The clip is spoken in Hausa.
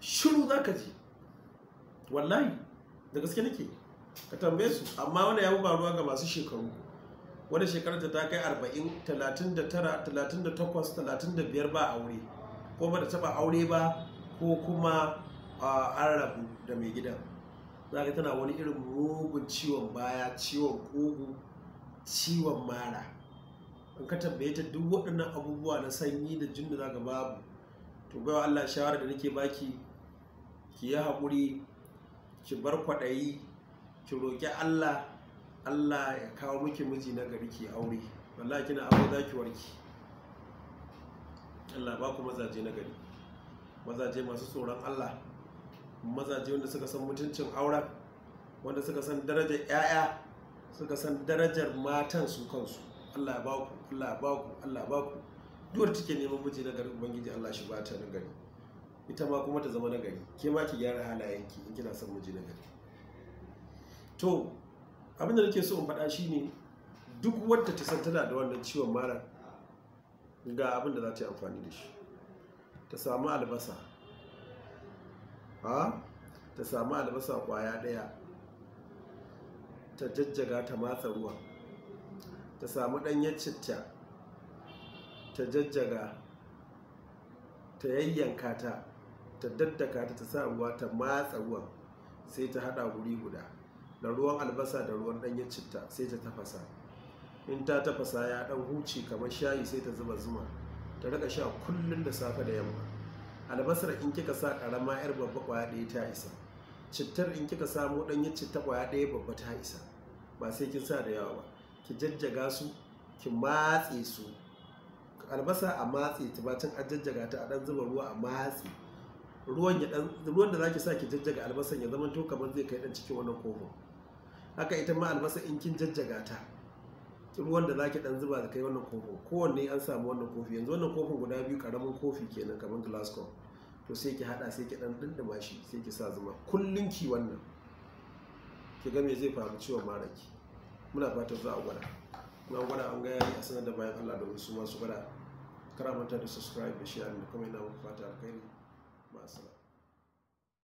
shiru za ka ji wallahi da gaske nake ka tambaye su amma wani ya ba ga masu shekaru Wani shekarar ta kai 40 39 38 35 ba aure ko ba da taba aure ba ko kuma an rabu da mai gidan za ka tana wani irin mugun ciwon baya ciwon kugu ciwon mara in ka tambaye ta duk waɗannan abubuwa na sanyi da jin da za ka babu to wa Allah shawara da nake baki ki yi haƙuri ki bar kwaɗayi ki roƙi Allah Allah ya kawo miki miji na gari ki aure wallahi kina aure za ki warki Allah ba ku mazaje na gari mazaje masu tsoron Allah mazaje wanda suka san mutuncin auren wanda suka san darajar 'ya'ya suka san darajar matan su kansu Allah ya ba ku Allah ya ba ku Allah ya ba ku duwar cike neman miji na gari ubangiji Allah shi ba ta na gari ita ma kuma ta zama nagari ke ma ki gyara halayenki in kina son miji nagari to abin da nake so in faɗa shine duk wanda ta san tana da wannan ciwon mara ga abin da za ta yi amfani da shi ta samu albasa ha ah, ta samu albasa kwaya ɗaya ta jajjaga ta matsa ruwa ta samu ɗanyar citta ta jajjaga ta yayyanka ta ta daddaka ta ta sa ruwa ta matsa ruwan sai ta hada guri guda da ruwan albasa da ruwan danyen citta sai ta tafasa in ta tafasa ya ɗan huce kamar shayi sai ta zuba zuma ta rika sha kullun da safe da yamma albasar in kika sa karama yar babba kwaya ɗaya ta isa cittar in kika samo danyen citta kwaya ɗaya babba ta isa ba sai kin sa da yawa ba ki jajjaga su ki matse su albasa a matse ta tumatin a jajjaga ta a dan zuba ruwa a matse ruwan da za ki sa ki jajjaga albasan ya zama to kamar zai kai dan cikin wannan kofin haka ita ma albasa in kin jajjaga ta ruwan da za ki dan zuba da kai wannan kofin kowanne an samu wannan kofi yanzu wannan kofin guda biyu karamin kofi kenan kamar glass cup to sai ki hada sai ki dan dindima shi sai ki sa zuma kullun ki wannan ki ga me zai faru ciwon maraki muna fatan za a gwada na gwada an ga yayi a sanar da bayan Allah domin su su gwada karamta da subscribe da share da kuma ina fata alkhairi আসসালাম